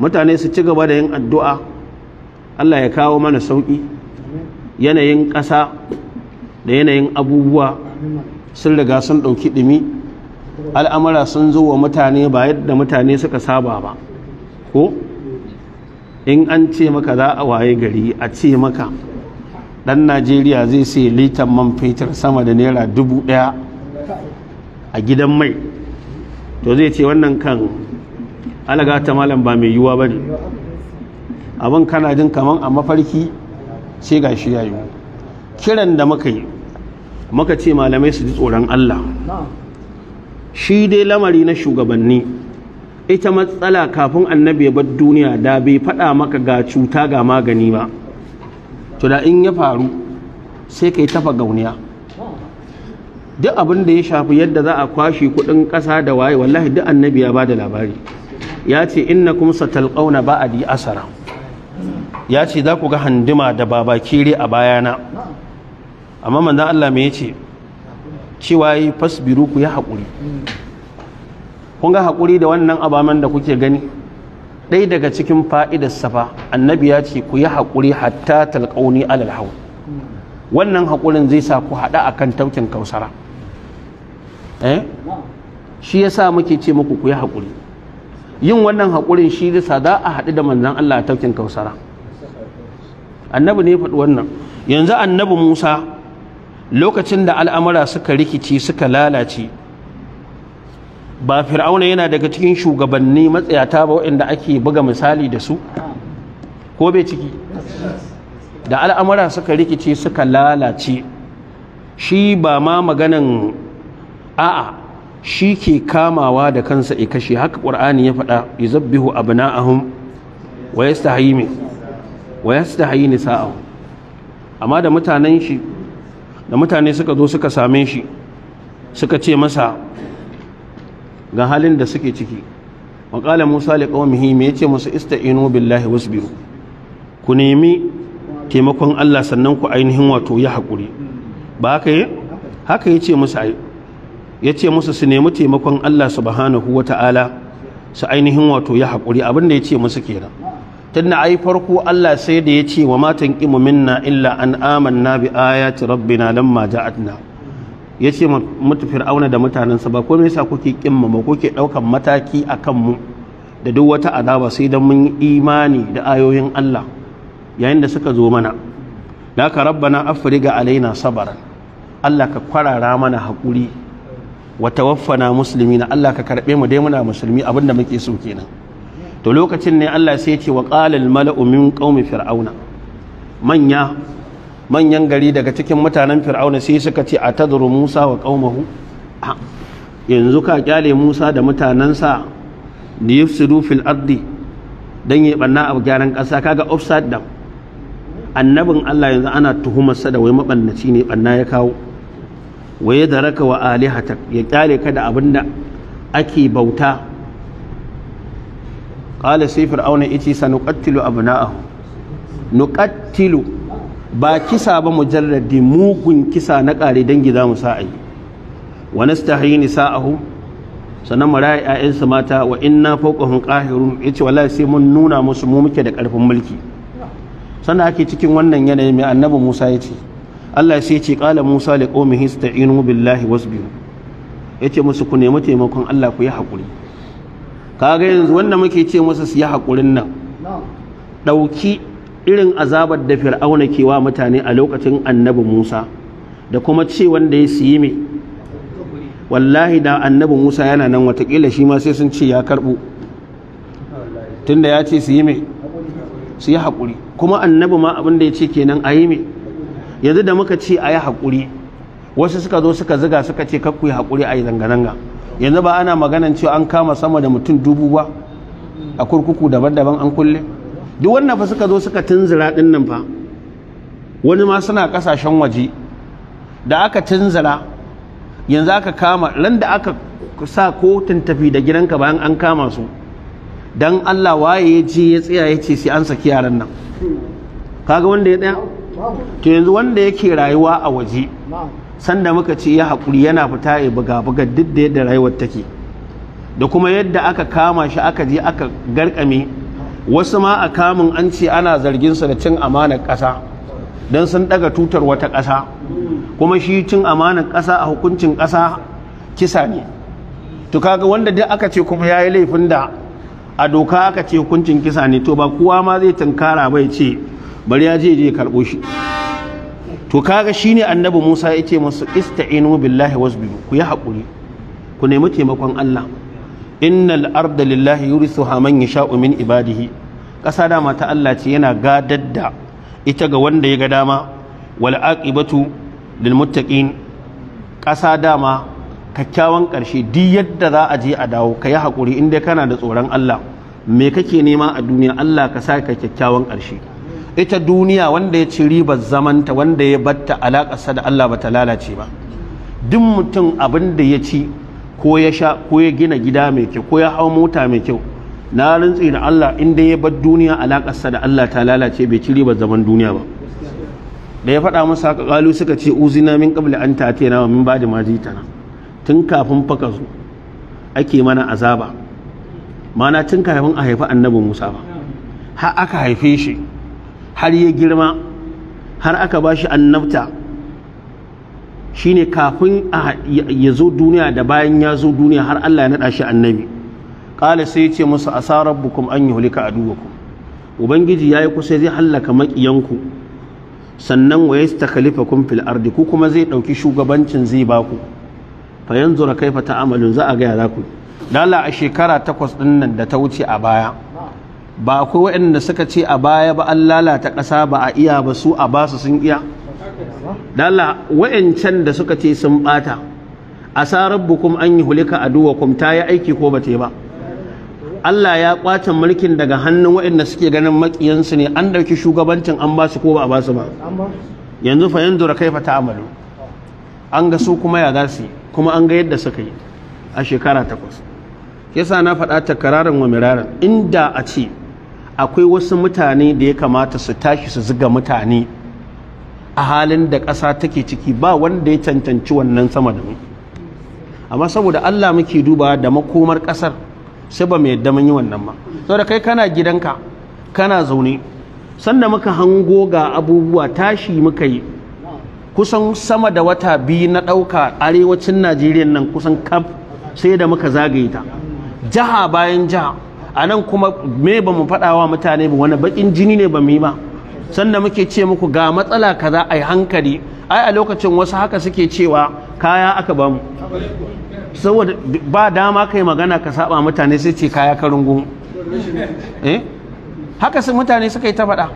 mutane su ci gaba da yin addu'a Allah ya kawo mana sauƙi yanayin ƙasa da yanayin abubuwa sun riga sun ɗauki ɗumi al'amura sun zo wa mutane ba yadda mutane suka saba ba ko in an ce maka za a waye gari a ce maka ɗan najeriya zai sai litan man fetur sama da naira dubu ɗaya a gidan mai to zai ce wannan kan alaga ta malam ba mai yiwuwa ba ne abin kana jin kaman a mafarki ce ga shi yayi kiran da muka yi muka ce malamai su ji tsoron Allah shi dai lamari na shugabanni ita matsala kafin annabi ya bar duniya da bai faɗa maka ga cuta ga magani ba to da in ya faru sai kai tafa gauniya duk abin da ya shafi yadda za a kwashe kuɗin ƙasa da waye wallahi duk annabi ya ba da labari ya ce ba a di asara ya ce za ku ga handima da babakire a bayana amma manzan Allah ya ce. cewa yi fasbiru ku yi haƙuri kun ga haƙuri da wannan abaman da kuke gani ɗaya daga cikin fa'idar safa annabi ya ce ku yi haƙuri hatta talƙauni alal wannan haƙurin zai sa ku haɗa akan taukin kausara eh? shi ya sa muke ce muku ku yi haƙuri yin wannan haƙurin shi zai za a haɗu da manzan Allah a taukin kausara annabi ne faɗi wannan yanzu annabi musa lokacin da al'amura suka rikici suka lalace ba fir'auna yana daga cikin shugabanni matsayata ba waɗanda ake buga misali da su ko bai ciki da al'amura suka rikici suka lalace shi ba ma maganan a'a shi ke kamawa da kansa ya kashe haka ƙwar'ani ya faɗa ya zabbihu abna'ahum wa yastahi mi wa ne sa'a amma da mutanen shi da mutane suka zo suka same shi suka ce masa ga halin da suke ciki maƙala musa li muhimmi ya ce musu inu billahi wasu biyu ku nemi taimakon Allah sannan ku ainihin wato ya haƙuri ba haka yi haka ce musu ai ya ce musu su nemi taimakon Allah subhanahu wa ta'ala su ainihin wato ya haƙuri abin da ya ce musu kenan tun da ai farko Allah sai da ya ce wa matan ƙimu minna illa an amanna bi ayati rabbina lamma ja'atna ya ce mutu fir'auna da mutanensa ba ko me yasa kuke ƙin kuke ɗaukan mataki a kanmu mu da duk wata azaba sai dan mun yi imani da ayoyin Allah yayin da suka zo mana da ka rabbana afriga alaina sabaran Allah ka kwarara mana haƙuri wa musulmi na, Allah ka karbe mu dai muna musulmi abinda muke so kenan to lokacin ne Allah sai ya ce wa qala al mala'u min qaumi fir'auna manya manyan gari daga cikin mutanen fir'auna sai suka ce atadru musa wa qaumahu yanzu ka kyale musa da mutanansa da yufsidu fil ardi dan yi banna a gyaran kasa kaga offside dam annabin Allah yanzu ana tuhumarsa da wai mabannaci ne banna ya kawo da raka wa alihatak ya kyale ka da abinda ake bauta qala sai fir'auna yace sanuqattilu abna'ahu nuqattilu ba kisa ba mujarradi mugun kisa na ƙare dangi za mu sa'ai wa nastahi nisa'ahu sannan mu rayi mata wa inna fawqahum qahirun yace wala sai mun nuna musu mu muke da ƙarfin mulki sannan ake cikin wannan yanayi mai annabi Musa yace ce Allah sai ce kala Musa li qaumihi ista'inu billahi wasbihu yace musu ku nemi taimakon Allah ku yi hakuri kaga yanzu wanda muke ce musu su yi hakurin nan dauki irin azabar da fir'auna ke wa mutane a lokacin annabi Musa da kuma ce wanda ya siye me wallahi da annabi Musa yana nan watakila shi ma sai sun ce ya karbu tunda ya ce su yi me su yi haƙuri kuma annabi ma abin da ya ce kenan a yi me yanzu da muka ce a yi haƙuri wasu suka zo suka ziga suka ce kakku yi haƙuri a yi zanga-zanga yanzu ba ana maganan cewa an kama sama da mutum dubu ba a kurkuku daban-daban an kulle duk wannan fa suka zo suka tunzura ɗin nan fa wani ma suna ƙasashen waje da aka tunzura yanzu aka kama ran da aka sa kotun tafi da gidanka bayan an kama su dan Allah waye ya je ya tsaya ya ce sai an saki yaran nan kaga wanda ya tsaya to yanzu wanda yake rayuwa a waje sanda muka ce ya haƙuri yana fita ya buga buga duk da yadda rayuwar take da kuma yadda aka kama shi aka je aka garkame wasu ma a kamun an ce ana zargin su da cin amanar ƙasa don sun daga tutar wata ƙasa kuma shi cin amanar ƙasa a hukuncin ƙasa kisa ne to kaga wanda duk aka ce kuma yayi laifin da a doka aka ce hukuncin kisa ne to ba kowa ma zai tunkara ya ce bari ya je je karɓo shi to kaga shine annabi Musa ya ce masu ista'inu billahi biyu ku yi haƙuri ku nemi taimakon Allah innal arda lillahi yurisuha man yasha'u min ibadihi ƙasa dama ta Allah ce yana gadar da ita ga wanda ya ga dama wal aqibatu lil muttaqin ƙasa dama kyakkyawan ƙarshe duk yadda za a je a dawo ka yi haƙuri inda kana da tsoron Allah me kake nema a duniya Allah ka sa ka kyakkyawan ƙarshe ita duniya wanda ya ci ribar zamanta wanda ya batta alaƙasa da Allah bata lalace ba duk mutum abin da ya ci ko ya sha ko ya gina gida mai kyau ko ya hau mota mai kyau na rantsi da Allah inda ya bar duniya alaƙasa da Allah ta lalace bai ci ribar zaman duniya ba da ya faɗa masa haka ƙalu suka ce uzina min ƙabla an ta'tina wa min da maji jitana tun kafin faka zo ake mana azaba mana tun kafin a haifi annabi Musa ba har aka haife shi har ya girma har aka ba shi annabta shine kafin ya zo duniya da bayan ya zo duniya har Allah ya naɗa shi annabi ƙala sai ya ce musu asa rabbukum an a aduwakum ubangiji ya yi kusa zai hallaka maƙiyanku sannan wa kun fil ardi ku kuma zai ɗauki shugabancin zai ba ku. fa yanzu yanzura kaifa amalin za a gaya za ku dala a shekara takwas ɗin da ta wuce a baya ba akwai waɗanda suka ce a baya ba an lalata ƙasa ba a iya ba su a basu sun iya dala wayancan da suka ce sun bata asa rabbukum an yi a kuma ta yi aiki ko bata ba Allah ya kwace mulkin daga hannun waɗanda suke ganin makiyansu ne an ɗauki shugabancin an basu ko ba a basu ba yanzu fa yanzu da kaifa an ga su kuma ya za kuma an ga yadda suka yi a shekara takwas yasa na faɗa takararin wa miraran inda a ce akwai wasu mutane da ya kamata su tashi su ziga mutane a halin da ƙasa take ciki ba wanda ya cancanci wannan sama da mu amma saboda Allah muke duba da makomar ƙasar sai ba mu yadda mun yi wannan ba saboda kai kana gidanka kana zaune sanda muka hango ga abubuwa tashi muka yi kusan sama da wata biyu na ɗauka arewacin Najeriya nan kusan kaf sai da muka zagaye ta jiha bayan jiha a nan kuma me ba mu faɗa wa mutane ba wani baƙin jini ne ba mu yi ba sannan muke ce muku ga matsala kaza yi hankali ai a lokacin wasu haka suke cewa kaya aka ba mu saboda ba dama kai magana ka saba mutane sai ce kaya ka rungu eh? haka su mutane suka yi ta faɗa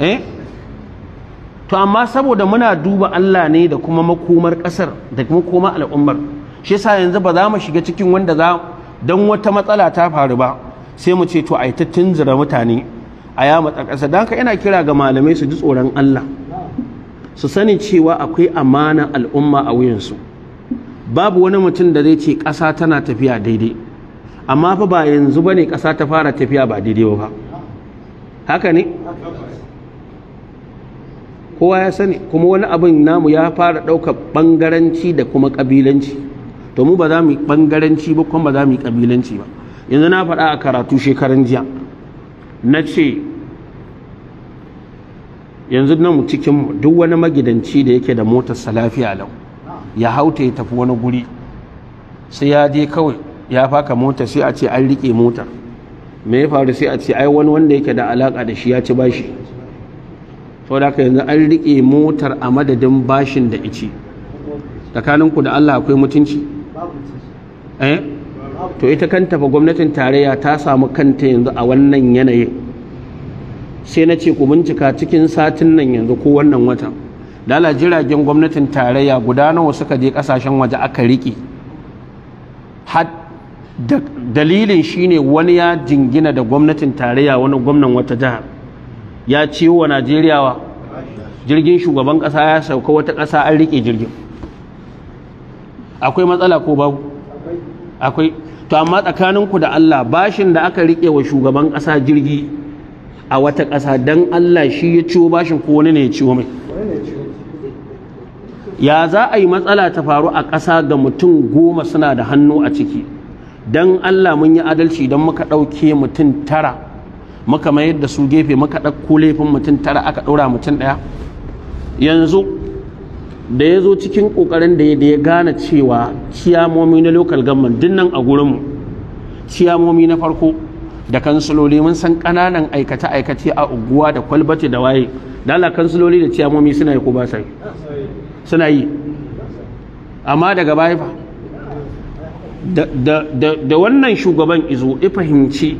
eh? to amma saboda muna duba Allah ne da kuma makomar ƙasar da kuma koma al'ummar shi yasa yanzu ba za mu shiga cikin wanda za don wata matsala ta faru ba sai mu ce to a yi ta tunzura mutane a yamata ƙasa don ka ina kira ga malamai su ji tsoron Allah su sani cewa akwai amana al'umma a wuyansu babu wani mutum da zai ce ƙasa tana tafiya daidai amma fa ba yanzu ne ƙasa ta fara tafiya ba daidai ba haka ne kowa ya sani kuma wani abin namu ya fara ɗaukar ɓangaranci da kuma ƙabilanci to mu ba za mu yi bangaranci ba kuma ba za mu yi kabilanci ba yanzu na faɗa a karatu shekaran jiya na ce yanzu nan cikin duk wani magidanci da yake da motarsa lafiya lau ya hauta ya tafi wani guri sai ya je kawai ya faka mota sai a ce an riƙe motar me ya faru sai a ce ai wani wanda yake da alaƙa da shi ya ci bashi saboda haka yanzu an riƙe motar a madadin bashin da ice tsakaninku da Allah akwai mutunci eh to ita kanta fa gwamnatin tarayya ta samu kanta yanzu a wannan yanayin sai na ce ku bincika cikin satin nan yanzu ko wannan watan dala jiragen gwamnatin tarayya guda nawa suka je kasashen waje aka riƙe dalilin shine wani ya jingina da gwamnatin tarayya wani gwamnan wata jihar ya ciwo wa najeriya wa jirgin shugaban ƙasa ya sauka wata ƙasa an riƙe jirgin akwai matsala ko babu akwai to amma tsakaninku da Allah bashin da aka rike wa shugaban ƙasa jirgi a wata ƙasa dan Allah shi ya ciwo bashin ko wani ne ya ciwo mai ya za a yi matsala ta faru a ƙasa ga mutum goma suna da hannu a ciki don Allah mun yi adalci don muka ɗauke mutum tara muka mayar da su gefe muka ɗauko laifin mutum tara aka ɗora mutum ɗaya yanzu da ya zo cikin ƙoƙarin da ya gane cewa ciyamomi na local government dinnan a gurinmu ciyamomi na farko da kansuloli mun san ƙananan aikace-aikace a unguwa da kwalbati da waye dala kansuloli da ciyamomi suna yi ko ba sai suna yi amma daga baya fa da wannan shugaban izo ya fahimci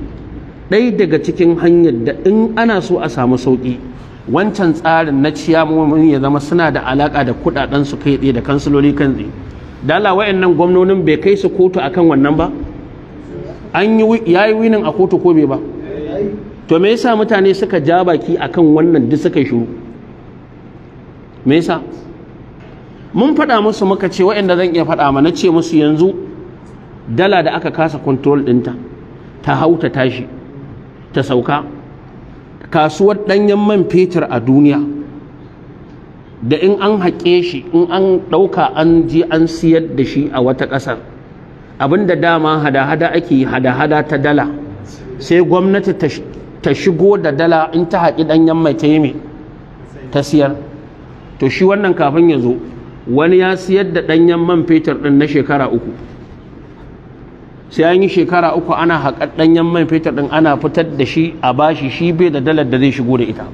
ɗaya daga cikin hanyar da in ana so a samu sauƙi wancan tsarin na ciyamomin ya zama suna da alaka da kudaden su kai tsaye da kansiloli kan tsaye dala wayannan gwamnonin bai kai su kotu akan wannan ba an yi yayi winin a kotu ko bai ba to me yasa mutane suka ja baki akan wannan duk suka shiru me yasa mun faɗa musu muka ce waɗanda zan iya faɗa ma na ce musu yanzu dala da aka kasa control ɗinta ta hau tashi ta sauka kasuwar ɗanyen man fetur a duniya da in an haƙe shi in an ɗauka an ji an siyar da shi a wata ƙasar abinda dama hada-hada ake hada-hada ta dala sai gwamnati ta shigo da dala in ta haƙi ɗanyen mai ta yi ta siyar to shi wannan kafin ya zo wani ya siyar da ɗanyen man fetur ɗin na shekara uku sai an yi shekara uku ana haƙar ɗanyen man fetur ɗin ana fitar da shi a bashi shi bai da dalar da zai shigo da ita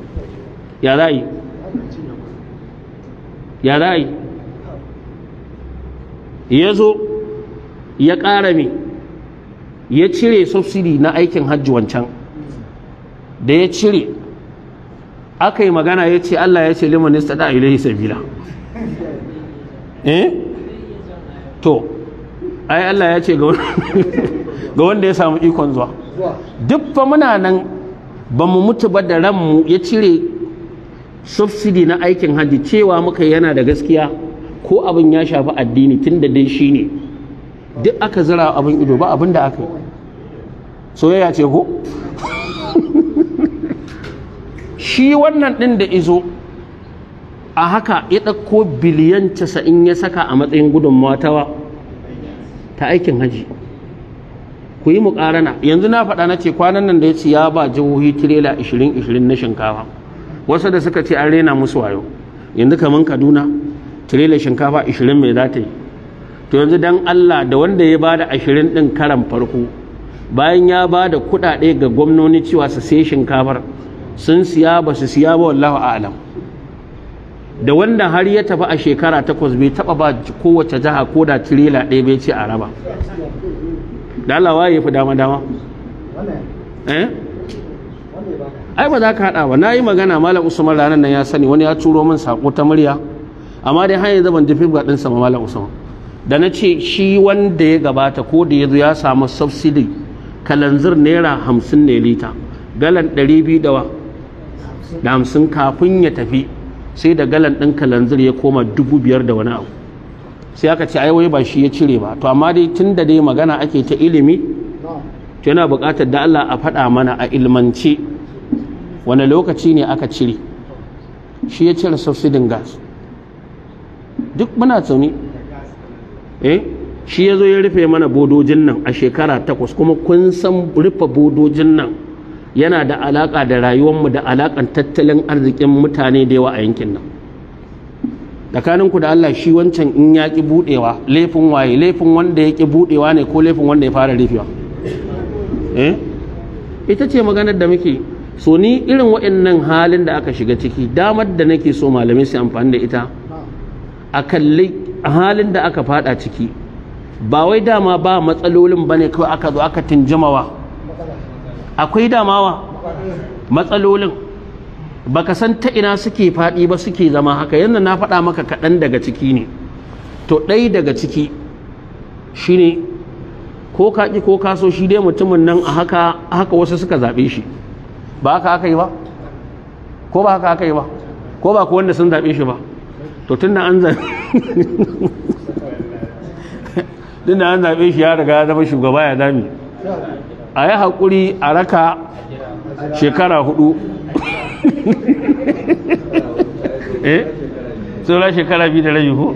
ya za yi ya za yi ya zo ya ƙara me ya cire subsidi na aikin hajji wancan da ya cire aka yi magana ya ce Allah ya ce liman nista da ilahi sabila eh to ai Allah ya ce ga wanda ya samu ikon zuwa duk fa muna nan ba mu mutu ba da ranmu ya cire subsidi na aikin hajji cewa muka yana da gaskiya ko abin ya shafi addini tun da dai shi ne duk aka zira abin ido ba abin da aka yi soyayya ce ko shi wannan ɗin da izo a haka ya ɗauko biliyan casa'in ya saka a matsayin gudunmawa tawa ta aikin haji ku yi muƙarana yanzu na faɗa na ce kwanan nan da ya ce ya ba jihohi tirela 20-20 na shinkafa wasu da suka ce an rena musu wayo yanzu kamar kaduna tirela shinkafa 20 mai za ta yi to yanzu dan allah da wanda ya ba da 20 ɗin karan farko bayan ya ba da kuɗaɗe ga gwamnoni cewa su sai shinkafar sun siya ba su siya ba wallahu a'alam da wanda har ya tafi a shekara takwas bai taba ba kowace jiha ko da tirela ɗaya bai ce a raba da Allah ya fi dama dama eh ai ba za ka haɗa ba na yi magana malam usman ranar nan ya sani wani ya turo min sako ta murya amma dai har yanzu ban ji fibra ɗinsa malam usman da na ce shi wanda ya gabata ko da ya zo ya samu subsidy kalanzir naira hamsin ne lita galan ɗari biyu da hamsin kafin ya tafi sai da galan ɗin kalanzir ya koma dubu biyar da wani abu sai aka ce aiwai ba shi ya cire ba to amma dai tun da dai magana ake ta ilimi to yana buƙatar da Allah a faɗa mana a ilmance wani lokaci ne aka cire shi ya cire subsidin gas duk muna tsauni eh shi ya zo ya rufe mana bodojin nan a shekara takwas kuma kun san rufe bodojin nan yana da alaƙa da rayuwarmu da alaƙan tattalin arzikin mutane da yawa a yankin nan tsakaninku da Allah shi wancan in ya ƙi buɗewa laifin waye laifin wanda ya ƙi buɗewa ne ko laifin wanda ya fara rufewa eh? ita ce maganar da muke so ni irin waɗannan halin da aka shiga ciki damar da nake so malamai su amfani da ita a kalli halin da aka fada ciki ba wai dama ba matsalolin bane kawai aka zo aka tinjimawa akwai damawa matsalolin baka san ta ina suke faɗi ba suke zama haka yadda na faɗa maka kaɗan daga ciki ne to ɗai daga ciki shine ko kaƙi ko kaso shi dai mutumin nan a haka haka wasu suka zaɓe shi ba haka aka yi ba ko ba haka aka yi ba ko ba ku wanda sun zaɓe shi ba to tun da an zaɓe shi ya riga ya zama shugaba ya zami a yi haƙuri a raka shekara hudu eh tsora shekara biyu da rayu ko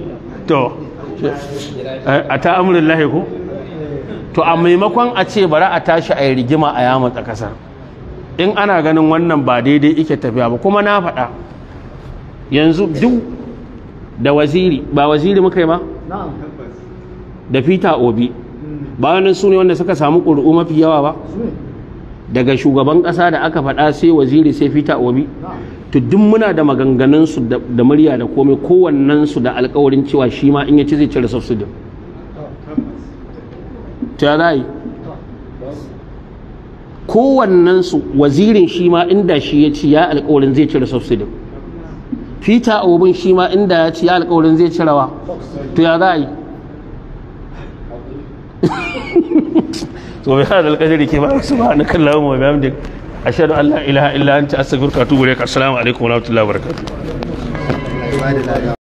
to a ta'amurin lahi ko to a maimakon a ce bara a tashi a yi rigima a yamata ƙasar in ana ganin wannan ba daidai ike tafiya ba kuma na faɗa yanzu duk da waziri ba waziri muka yi ma? da fita obi bayanan su ne wanda suka samu ƙuri'u mafi yawa ba daga shugaban ƙasa da aka faɗa sai waziri sai fita obi to duk muna da maganganunsu da murya da komai kowannensu da alkawarin cewa shi ma in ya ci zai cire subsidin ta rai kowannensu wazirin shi ma inda shi ya ci ya alkawarin zai cire subsidin fita obin shi ma inda ya ci ya alkawarin zai cirewa to ya rai subhanal alqadri kima subhanakallahumma wa bihamdika ashhadu an la ilaha illa anta astaghfiruka wa atubu ilaik assalamu alaikum wa rahmatullahi wa barakatuh